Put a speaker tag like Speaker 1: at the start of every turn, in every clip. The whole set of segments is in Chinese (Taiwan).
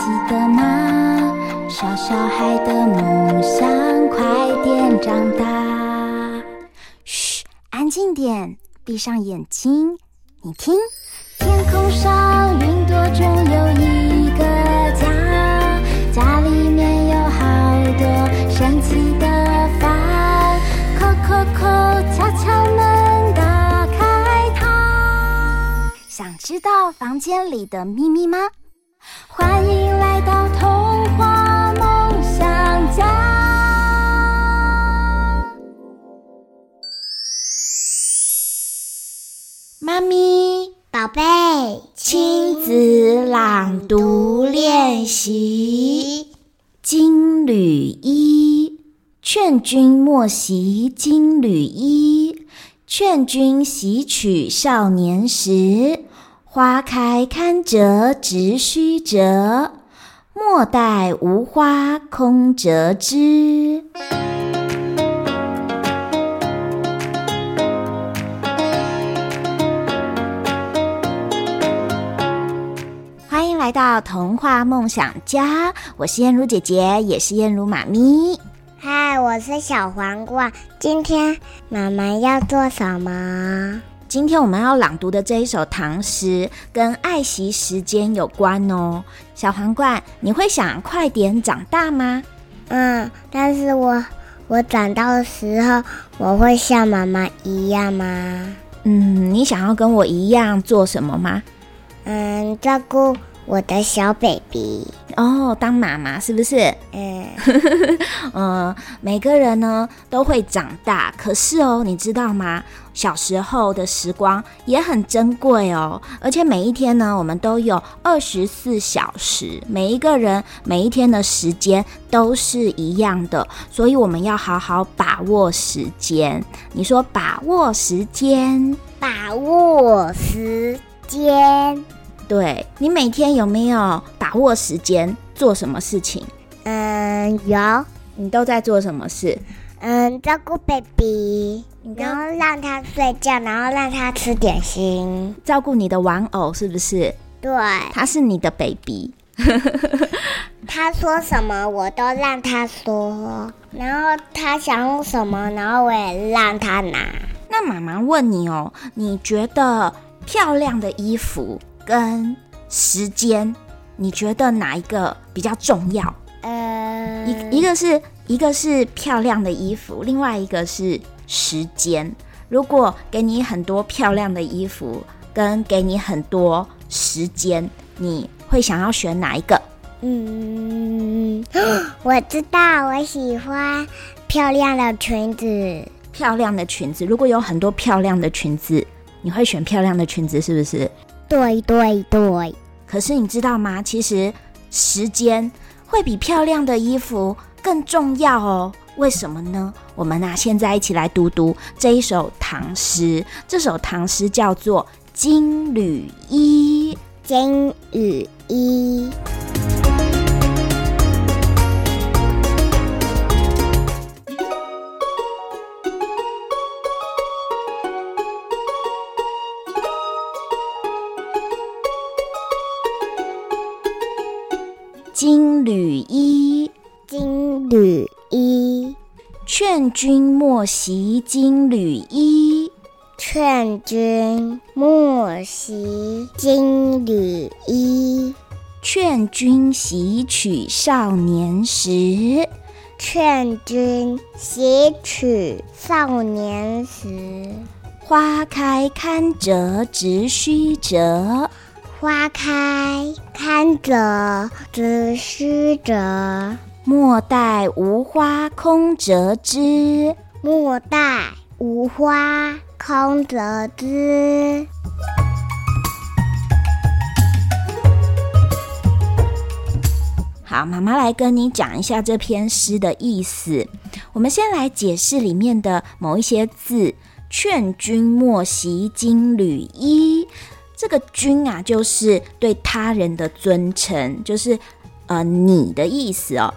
Speaker 1: 記得嗎？小小孩的夢想，快點長大。噓，安靜點，閉上眼睛，你聽。天空上，雲朵中有一個家，家裡面有好多神奇的房。叩叩叩，敲敲門，打開它。想知道房間裡的秘密嗎？歡迎。到童話夢想家，媽咪，寶貝，親，親子朗讀練習《金縷衣》旅一：勸君莫惜金縷衣，勸君惜取少年時。花開堪折直須折。莫待無花空折枝。歡迎來到童話夢想家，我是燕如姐姐，也是燕如媽咪。嗨，我是小黃瓜，今天媽媽要做什麼？今天我們要朗讀的這一首唐詩，跟愛惜時間有關哦。小皇冠，你會想快點長大嗎？嗯，但是我我長大的時候，我會像媽媽一樣嗎？嗯，你想要跟我一樣做什麼嗎？嗯，照顧。我的小 baby 哦，oh, 當媽媽是不是？嗯， 嗯，每個人呢都會長大，可是哦，你知道嗎？小時候的時光也很珍貴哦，而且每一天呢，我們都有二十四小時，每一個人每一天的時間都是一樣的，所以我們要好好把握時間。你說把握時間，把握時間。對，你每天有沒有把握時間做什麼事情？嗯，有。你都在做什麼事？嗯，照顧 baby，然後讓他睡覺，然後讓他吃點心。照顧你的玩偶是不是？對，他是你的 baby。 他說什麼我都讓他說，然後他想用什麼，然後我也讓他拿。那媽媽問你哦，你覺得漂亮的衣服跟時間，你覺得哪一個比較重要？呃，一一個是一個是漂亮的衣服，另外一個是時間。如果給你很多漂亮的衣服，跟給你很多時間，你會想要選哪一個？嗯，我知道，我喜歡漂亮的裙子。漂亮的裙子，如果有很多漂亮的裙子，你會選漂亮的裙子，是不是？對對對，可是你知道嗎？其實時間會比漂亮的衣服更重要哦。為什麼呢？我們啊，現在一起來讀讀這一首唐詩。這首唐詩叫做《金縷衣》，金縷衣。縷衣，金縷衣，勸君莫惜金縷衣，勸君莫惜金縷衣，勸君惜取少年時，勸君惜取少年時，花開堪折直須折。花開堪折直須折，莫待無花空折枝。莫待無花空折枝。好，媽媽來跟你講一下這篇詩的意思。我們先來解釋裡面的某一些字：“勸君莫惜金縷衣。”這個君啊，就是對他人的尊稱，就是呃你的意思哦。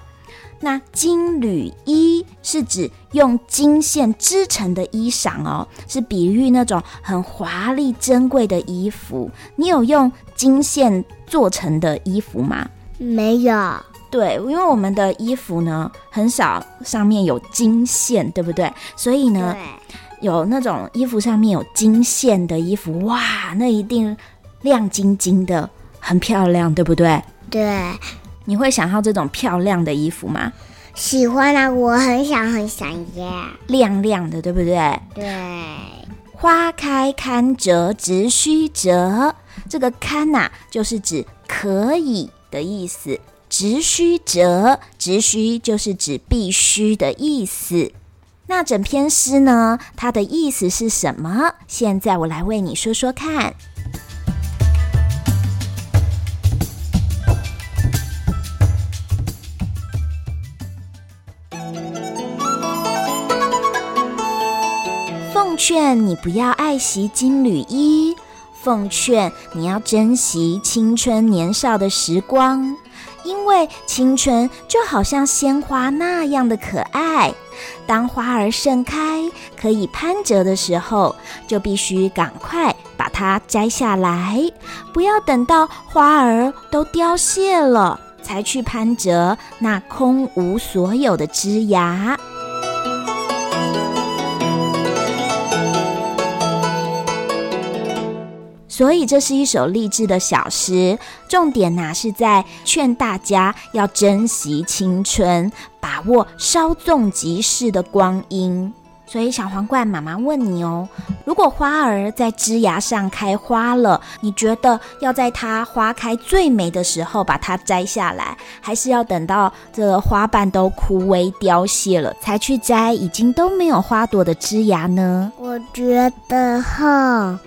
Speaker 1: 那金縷衣是指用金線織成的衣裳哦，是比喻那種很華麗、珍貴的衣服。你有用金線做成的衣服嗎？沒有。對，因為我們的衣服呢，很少上面有金線，對不對？所以呢。有那種衣服上面有金線的衣服，哇，那一定亮晶晶的，很漂亮，對不對？對，你會想要這種漂亮的衣服嗎？喜歡啊，我很想很想耶，亮亮的，對不對？對。花開堪折直須折，這個堪啊，就是指可以的意思；直須折，直須就是指必須的意思。那整篇詩呢？它的意思是什麼？現在我來為你說說看。奉勸你不要愛惜金縷衣，奉勸你要珍惜青春年少的時光，因為青春就好像鮮花那樣的可愛。當花兒盛開、可以攀折的時候，就必須趕快把它摘下來，不要等到花兒都凋謝了，才去攀折那空無所有的枝芽。所以這是一首勵志的小詩，重點呢、啊、是在勸大家要珍惜青春，把握稍縱即逝的光陰。所以小皇冠媽媽問你哦，如果花兒在枝椏上開花了，你覺得要在它花開最美的時候把它摘下來，還是要等到這花瓣都枯萎凋謝了才去摘已經都沒有花朵的枝椏呢？我覺得哈。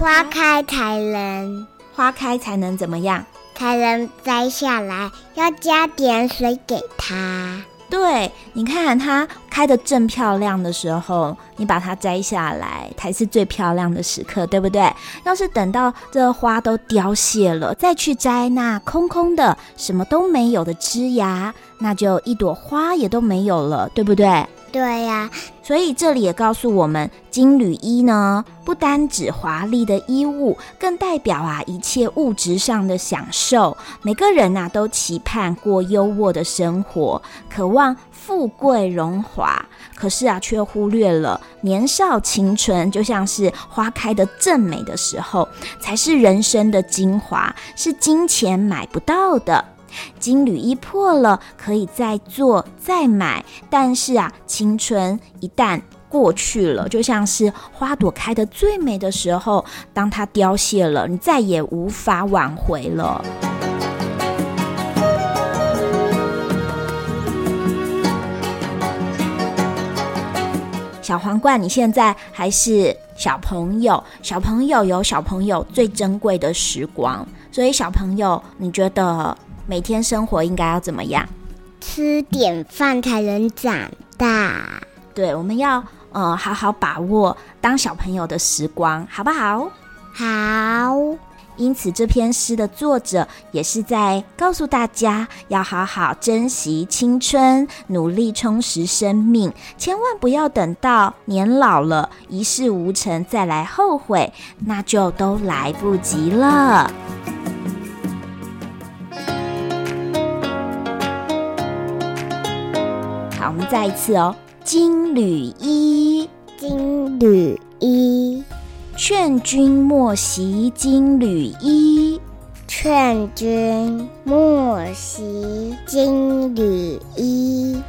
Speaker 1: 花開才能，花開才能怎麼樣？才能摘下來？要加點水給它。對，你看它開得正漂亮的時候，你把它摘下來，才是最漂亮的時刻，對不對？要是等到這花都凋謝了，再去摘那空空的、什麼都沒有的枝芽，那就一朵花也都沒有了，對不對？對呀、啊，所以這裡也告訴我們，金縷衣呢，不單指華麗的衣物，更代表啊一切物質上的享受。每個人吶、啊，都期盼過優渥的生活，渴望富貴榮華，可是啊，卻忽略了年少青春，就像是花開得正美的時候，才是人生的精華，是金錢買不到的。金縷衣破了，可以再做再買，但是啊，青春一旦過去了，就像是花朵開得最美的時候，當它凋謝了，你再也無法挽迴了。小皇冠，你現在還是小朋友，小朋友有小朋友最珍貴的時光，所以小朋友，你覺得？每天生活應該要怎麼樣？吃點飯才能長大。對，我們要呃好好把握當小朋友的時光，好不好？好。因此，這篇詩的作者也是在告訴大家，要好好珍惜青春，努力充實生命，千萬不要等到年老了，一事無成，再來後悔，那就都來不及了。再一次哦，金縷衣，金縷衣，勸君莫惜金縷衣，勸君莫惜金縷衣，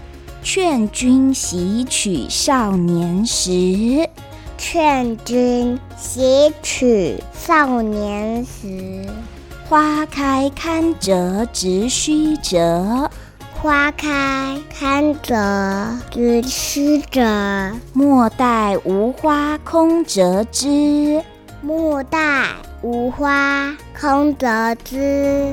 Speaker 1: 勸君惜取少年時，勸君惜取少年時，年時花開堪折直須折。花開堪折直須折，莫待無花空折枝。莫待無花空折枝。